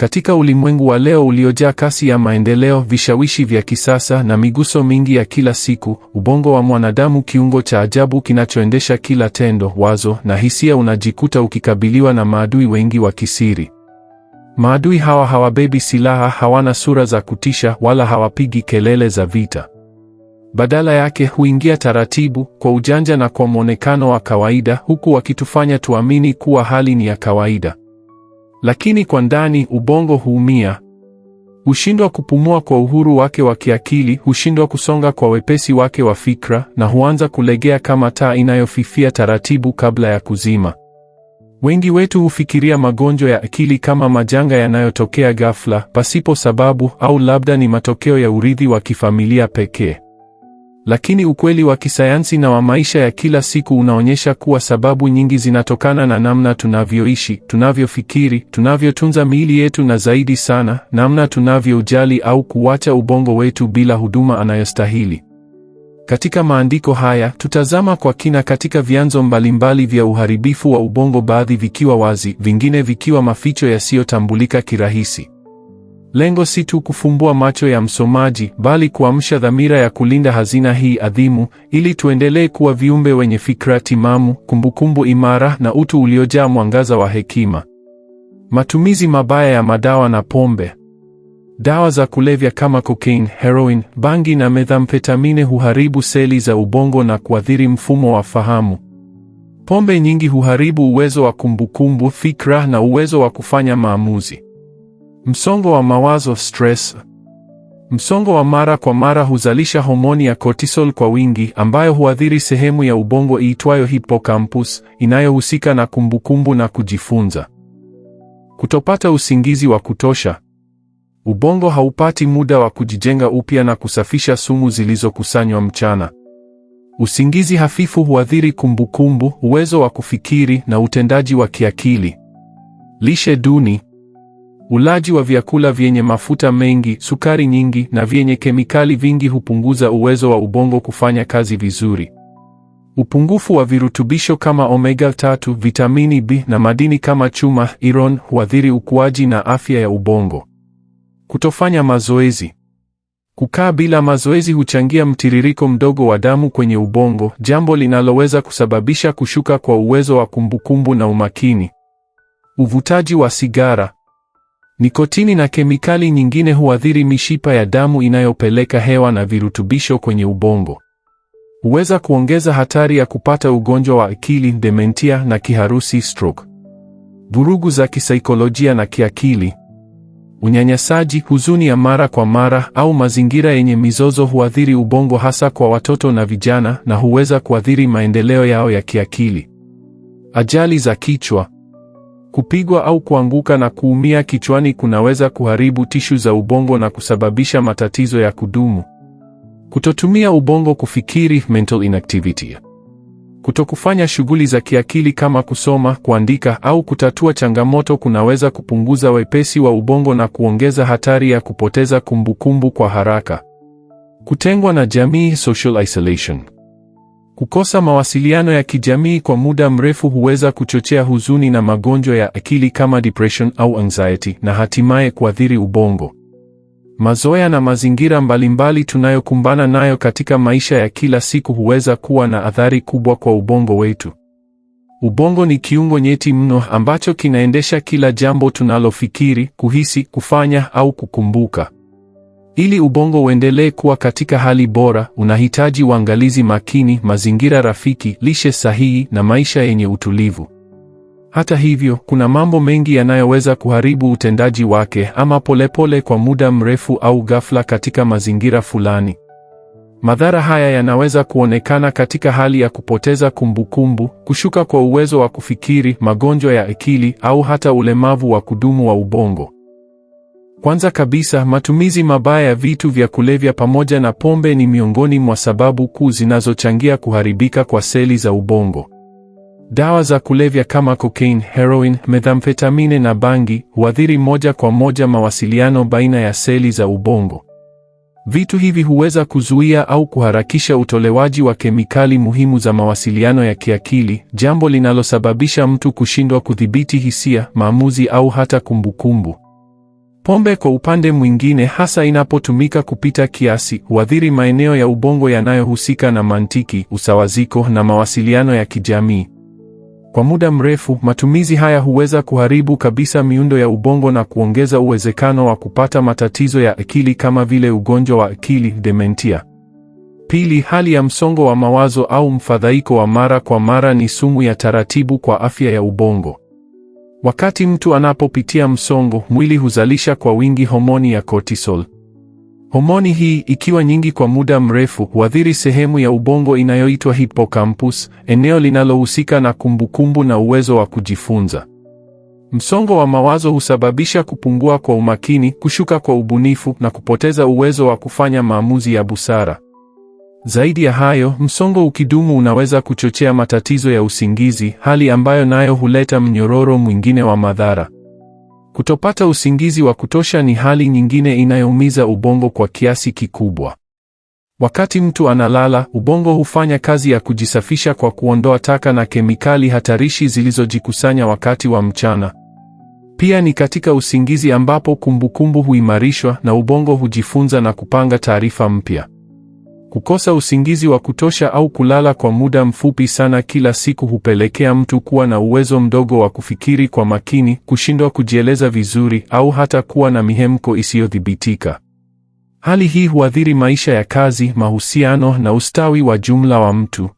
Katika ulimwengu wa leo uliojaa kasi ya maendeleo, vishawishi vya kisasa na miguso mingi ya kila siku, ubongo wa mwanadamu, kiungo cha ajabu kinachoendesha kila tendo, wazo na hisia, unajikuta ukikabiliwa na maadui wengi wa kisiri. Maadui hawa hawabebi silaha, hawana sura za kutisha, wala hawapigi kelele za vita. Badala yake huingia taratibu, kwa ujanja na kwa mwonekano wa kawaida, huku wakitufanya tuamini kuwa hali ni ya kawaida lakini kwa ndani ubongo huumia, hushindwa kupumua kwa uhuru wake wa kiakili, hushindwa kusonga kwa wepesi wake wa fikra, na huanza kulegea kama taa inayofifia taratibu kabla ya kuzima. Wengi wetu hufikiria magonjwa ya akili kama majanga yanayotokea ghafla, pasipo sababu, au labda ni matokeo ya urithi wa kifamilia pekee. Lakini ukweli wa kisayansi na wa maisha ya kila siku unaonyesha kuwa sababu nyingi zinatokana na namna tunavyoishi, tunavyofikiri, tunavyotunza miili yetu na zaidi sana, namna tunavyojali au kuwacha ubongo wetu bila huduma anayostahili. Katika maandiko haya, tutazama kwa kina katika vyanzo mbalimbali vya uharibifu wa ubongo, baadhi vikiwa wazi, vingine vikiwa maficho yasiyotambulika kirahisi. Lengo si tu kufumbua macho ya msomaji, bali kuamsha dhamira ya kulinda hazina hii adhimu, ili tuendelee kuwa viumbe wenye fikra timamu, kumbukumbu imara, na utu uliojaa mwangaza wa hekima. Matumizi mabaya ya madawa na pombe. Dawa za kulevya kama cocaine, heroin, bangi na methamphetamine huharibu seli za ubongo na kuathiri mfumo wa fahamu. Pombe nyingi huharibu uwezo wa kumbukumbu, fikra na uwezo wa kufanya maamuzi. Msongo wa mawazo stress. Msongo wa mara kwa mara huzalisha homoni ya cortisol kwa wingi ambayo huathiri sehemu ya ubongo iitwayo hippocampus inayohusika na kumbukumbu na kujifunza. Kutopata usingizi wa kutosha. Ubongo haupati muda wa kujijenga upya na kusafisha sumu zilizokusanywa mchana. Usingizi hafifu huathiri kumbukumbu, uwezo wa kufikiri na utendaji wa kiakili. Lishe duni. Ulaji wa vyakula vyenye mafuta mengi, sukari nyingi na vyenye kemikali vingi hupunguza uwezo wa ubongo kufanya kazi vizuri. Upungufu wa virutubisho kama omega 3, vitamini B na madini kama chuma, iron huathiri ukuaji na afya ya ubongo. Kutofanya mazoezi. Kukaa bila mazoezi huchangia mtiririko mdogo wa damu kwenye ubongo, jambo linaloweza kusababisha kushuka kwa uwezo wa kumbukumbu na umakini. Uvutaji wa sigara. Nikotini na kemikali nyingine huathiri mishipa ya damu inayopeleka hewa na virutubisho kwenye ubongo. Huweza kuongeza hatari ya kupata ugonjwa wa akili, dementia na kiharusi, stroke. Vurugu za kisaikolojia na kiakili. Unyanyasaji, huzuni ya mara kwa mara au mazingira yenye mizozo huathiri ubongo hasa kwa watoto na vijana na huweza kuathiri maendeleo yao ya kiakili. Ajali za kichwa. Kupigwa au kuanguka na kuumia kichwani kunaweza kuharibu tishu za ubongo na kusababisha matatizo ya kudumu. Kutotumia ubongo kufikiri, mental inactivity. Kutokufanya shughuli za kiakili kama kusoma, kuandika au kutatua changamoto kunaweza kupunguza wepesi wa ubongo na kuongeza hatari ya kupoteza kumbukumbu kwa haraka. Kutengwa na jamii, social isolation. Kukosa mawasiliano ya kijamii kwa muda mrefu huweza kuchochea huzuni na magonjwa ya akili kama depression au anxiety na hatimaye kuathiri ubongo. Mazoea na mazingira mbalimbali tunayokumbana nayo katika maisha ya kila siku huweza kuwa na athari kubwa kwa ubongo wetu. Ubongo ni kiungo nyeti mno ambacho kinaendesha kila jambo tunalofikiri, kuhisi, kufanya au kukumbuka. Ili ubongo uendelee kuwa katika hali bora, unahitaji uangalizi makini, mazingira rafiki, lishe sahihi na maisha yenye utulivu. Hata hivyo, kuna mambo mengi yanayoweza kuharibu utendaji wake ama polepole pole kwa muda mrefu au ghafla katika mazingira fulani. Madhara haya yanaweza kuonekana katika hali ya kupoteza kumbukumbu, kushuka kwa uwezo wa kufikiri, magonjwa ya akili au hata ulemavu wa kudumu wa ubongo. Kwanza kabisa, matumizi mabaya ya vitu vya kulevya pamoja na pombe ni miongoni mwa sababu kuu zinazochangia kuharibika kwa seli za ubongo. Dawa za kulevya kama cocaine, heroin, methamphetamine na bangi huathiri moja kwa moja mawasiliano baina ya seli za ubongo. Vitu hivi huweza kuzuia au kuharakisha utolewaji wa kemikali muhimu za mawasiliano ya kiakili, jambo linalosababisha mtu kushindwa kudhibiti hisia, maamuzi au hata kumbukumbu. Pombe kwa upande mwingine, hasa inapotumika kupita kiasi, huathiri maeneo ya ubongo yanayohusika na mantiki, usawaziko na mawasiliano ya kijamii. Kwa muda mrefu, matumizi haya huweza kuharibu kabisa miundo ya ubongo na kuongeza uwezekano wa kupata matatizo ya akili kama vile ugonjwa wa akili dementia. Pili, hali ya msongo wa mawazo au mfadhaiko wa mara kwa mara ni sumu ya taratibu kwa afya ya ubongo. Wakati mtu anapopitia msongo, mwili huzalisha kwa wingi homoni ya cortisol. Homoni hii ikiwa nyingi kwa muda mrefu huathiri sehemu ya ubongo inayoitwa hippocampus, eneo linalohusika na kumbukumbu na uwezo wa kujifunza. Msongo wa mawazo husababisha kupungua kwa umakini, kushuka kwa ubunifu na kupoteza uwezo wa kufanya maamuzi ya busara. Zaidi ya hayo, msongo ukidumu unaweza kuchochea matatizo ya usingizi, hali ambayo nayo huleta mnyororo mwingine wa madhara. Kutopata usingizi wa kutosha ni hali nyingine inayoumiza ubongo kwa kiasi kikubwa. Wakati mtu analala, ubongo hufanya kazi ya kujisafisha kwa kuondoa taka na kemikali hatarishi zilizojikusanya wakati wa mchana. Pia ni katika usingizi ambapo kumbukumbu huimarishwa na ubongo hujifunza na kupanga taarifa mpya. Kukosa usingizi wa kutosha au kulala kwa muda mfupi sana kila siku hupelekea mtu kuwa na uwezo mdogo wa kufikiri kwa makini, kushindwa kujieleza vizuri au hata kuwa na mihemko isiyodhibitika. Hali hii huathiri maisha ya kazi, mahusiano na ustawi wa jumla wa mtu.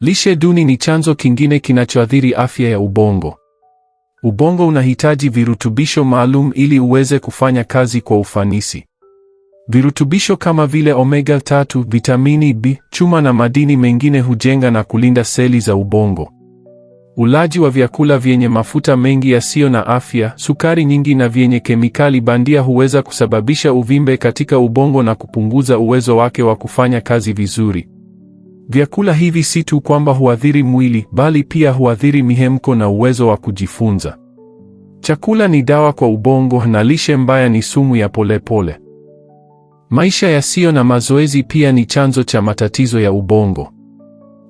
Lishe duni ni chanzo kingine kinachoathiri afya ya ubongo. Ubongo unahitaji virutubisho maalum ili uweze kufanya kazi kwa ufanisi. Virutubisho kama vile omega 3, vitamini B, chuma na madini mengine hujenga na kulinda seli za ubongo. Ulaji wa vyakula vyenye mafuta mengi yasiyo na afya, sukari nyingi na vyenye kemikali bandia huweza kusababisha uvimbe katika ubongo na kupunguza uwezo wake wa kufanya kazi vizuri. Vyakula hivi si tu kwamba huathiri mwili, bali pia huathiri mihemko na uwezo wa kujifunza. Chakula ni dawa kwa ubongo na lishe mbaya ni sumu ya polepole. Maisha yasiyo na mazoezi pia ni chanzo cha matatizo ya ubongo.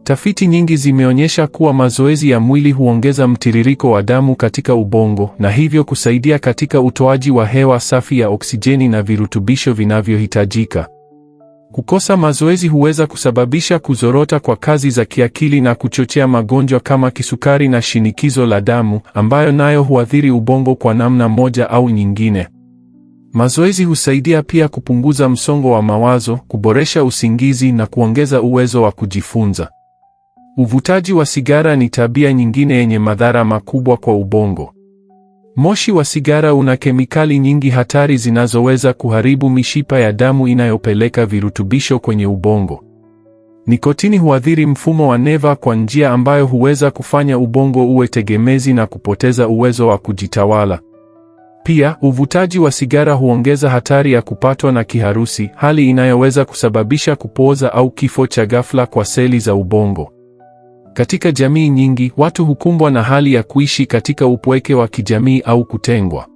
Tafiti nyingi zimeonyesha kuwa mazoezi ya mwili huongeza mtiririko wa damu katika ubongo na hivyo kusaidia katika utoaji wa hewa safi ya oksijeni na virutubisho vinavyohitajika. Kukosa mazoezi huweza kusababisha kuzorota kwa kazi za kiakili na kuchochea magonjwa kama kisukari na shinikizo la damu ambayo nayo huathiri ubongo kwa namna moja au nyingine. Mazoezi husaidia pia kupunguza msongo wa mawazo, kuboresha usingizi na kuongeza uwezo wa kujifunza. Uvutaji wa sigara ni tabia nyingine yenye madhara makubwa kwa ubongo. Moshi wa sigara una kemikali nyingi hatari zinazoweza kuharibu mishipa ya damu inayopeleka virutubisho kwenye ubongo. Nikotini huathiri mfumo wa neva kwa njia ambayo huweza kufanya ubongo uwe tegemezi na kupoteza uwezo wa kujitawala. Pia, uvutaji wa sigara huongeza hatari ya kupatwa na kiharusi, hali inayoweza kusababisha kupooza au kifo cha ghafla kwa seli za ubongo. Katika jamii nyingi, watu hukumbwa na hali ya kuishi katika upweke wa kijamii au kutengwa.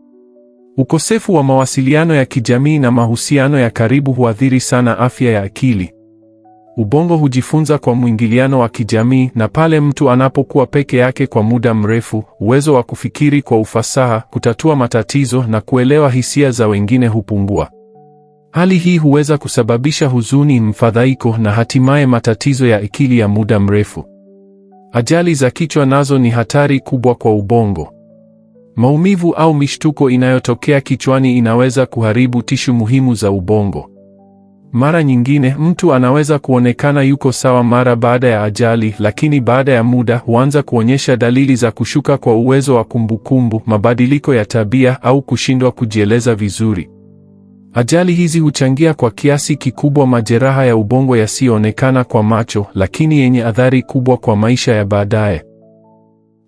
Ukosefu wa mawasiliano ya kijamii na mahusiano ya karibu huathiri sana afya ya akili. Ubongo hujifunza kwa mwingiliano wa kijamii, na pale mtu anapokuwa peke yake kwa muda mrefu, uwezo wa kufikiri kwa ufasaha, kutatua matatizo na kuelewa hisia za wengine hupungua. Hali hii huweza kusababisha huzuni, mfadhaiko na hatimaye matatizo ya akili ya muda mrefu. Ajali za kichwa nazo ni hatari kubwa kwa ubongo. Maumivu au mishtuko inayotokea kichwani inaweza kuharibu tishu muhimu za ubongo. Mara nyingine mtu anaweza kuonekana yuko sawa mara baada ya ajali, lakini baada ya muda huanza kuonyesha dalili za kushuka kwa uwezo wa kumbukumbu, mabadiliko ya tabia au kushindwa kujieleza vizuri. Ajali hizi huchangia kwa kiasi kikubwa majeraha ya ubongo yasiyoonekana kwa macho, lakini yenye athari kubwa kwa maisha ya baadaye.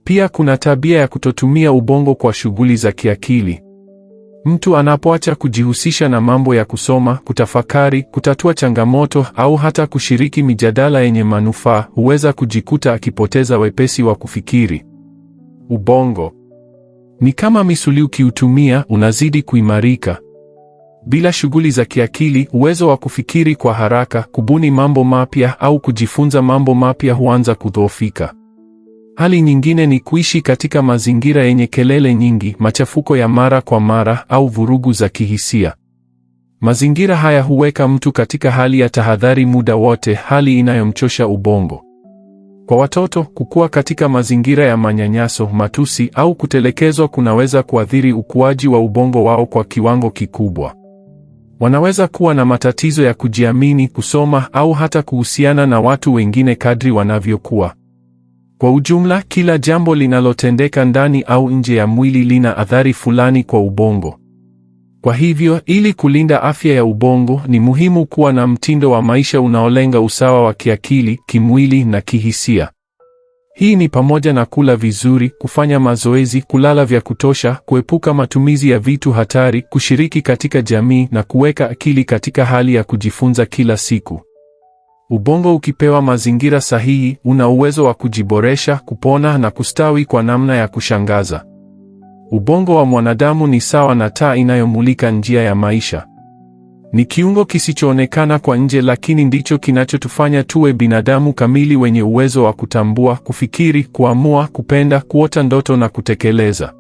Pia kuna tabia ya kutotumia ubongo kwa shughuli za kiakili. Mtu anapoacha kujihusisha na mambo ya kusoma, kutafakari, kutatua changamoto au hata kushiriki mijadala yenye manufaa, huweza kujikuta akipoteza wepesi wa kufikiri. Ubongo ni kama misuli, ukiutumia unazidi kuimarika. Bila shughuli za kiakili, uwezo wa kufikiri kwa haraka, kubuni mambo mapya au kujifunza mambo mapya huanza kudhoofika. Hali nyingine ni kuishi katika mazingira yenye kelele nyingi, machafuko ya mara kwa mara au vurugu za kihisia. Mazingira haya huweka mtu katika hali ya tahadhari muda wote, hali inayomchosha ubongo. Kwa watoto, kukua katika mazingira ya manyanyaso, matusi au kutelekezwa kunaweza kuathiri ukuaji wa ubongo wao kwa kiwango kikubwa. Wanaweza kuwa na matatizo ya kujiamini, kusoma au hata kuhusiana na watu wengine kadri wanavyokuwa. Kwa ujumla, kila jambo linalotendeka ndani au nje ya mwili lina athari fulani kwa ubongo. Kwa hivyo, ili kulinda afya ya ubongo, ni muhimu kuwa na mtindo wa maisha unaolenga usawa wa kiakili, kimwili na kihisia. Hii ni pamoja na kula vizuri, kufanya mazoezi, kulala vya kutosha, kuepuka matumizi ya vitu hatari, kushiriki katika jamii na kuweka akili katika hali ya kujifunza kila siku. Ubongo ukipewa mazingira sahihi, una uwezo wa kujiboresha, kupona na kustawi kwa namna ya kushangaza. Ubongo wa mwanadamu ni sawa na taa inayomulika njia ya maisha. Ni kiungo kisichoonekana kwa nje, lakini ndicho kinachotufanya tuwe binadamu kamili wenye uwezo wa kutambua, kufikiri, kuamua, kupenda, kuota ndoto na kutekeleza.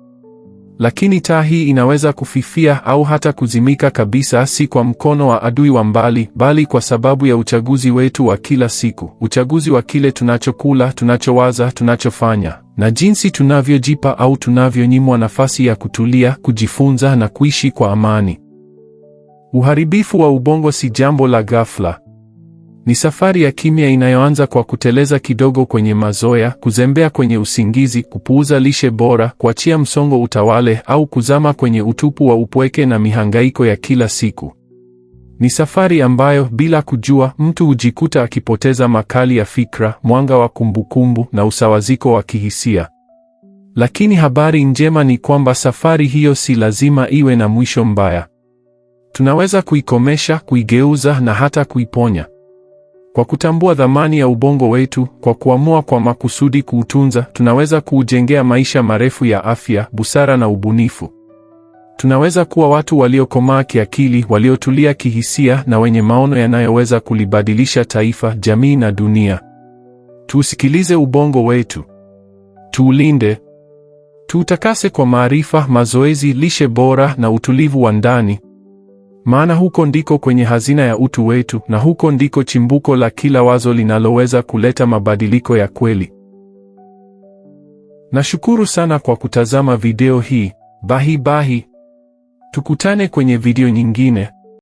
Lakini taa hii inaweza kufifia au hata kuzimika kabisa, si kwa mkono wa adui wa mbali, bali kwa sababu ya uchaguzi wetu wa kila siku, uchaguzi wa kile tunachokula, tunachowaza, tunachofanya, na jinsi tunavyojipa au tunavyonyimwa nafasi ya kutulia, kujifunza na kuishi kwa amani. Uharibifu wa ubongo si jambo la ghafla. Ni safari ya kimya inayoanza kwa kuteleza kidogo kwenye mazoea, kuzembea kwenye usingizi, kupuuza lishe bora, kuachia msongo utawale, au kuzama kwenye utupu wa upweke na mihangaiko ya kila siku. Ni safari ambayo bila kujua, mtu hujikuta akipoteza makali ya fikra, mwanga wa kumbukumbu na usawaziko wa kihisia. Lakini habari njema ni kwamba safari hiyo si lazima iwe na mwisho mbaya. Tunaweza kuikomesha, kuigeuza na hata kuiponya. Kwa kutambua dhamani ya ubongo wetu, kwa kuamua kwa makusudi kuutunza, tunaweza kuujengea maisha marefu ya afya, busara na ubunifu. Tunaweza kuwa watu waliokomaa kiakili, waliotulia kihisia na wenye maono yanayoweza kulibadilisha taifa, jamii na dunia. Tuusikilize ubongo wetu. Tuulinde. Tuutakase kwa maarifa, mazoezi, lishe bora na utulivu wa ndani maana huko ndiko kwenye hazina ya utu wetu, na huko ndiko chimbuko la kila wazo linaloweza kuleta mabadiliko ya kweli. Nashukuru sana kwa kutazama video hii. Bahi bahi. Tukutane kwenye video nyingine.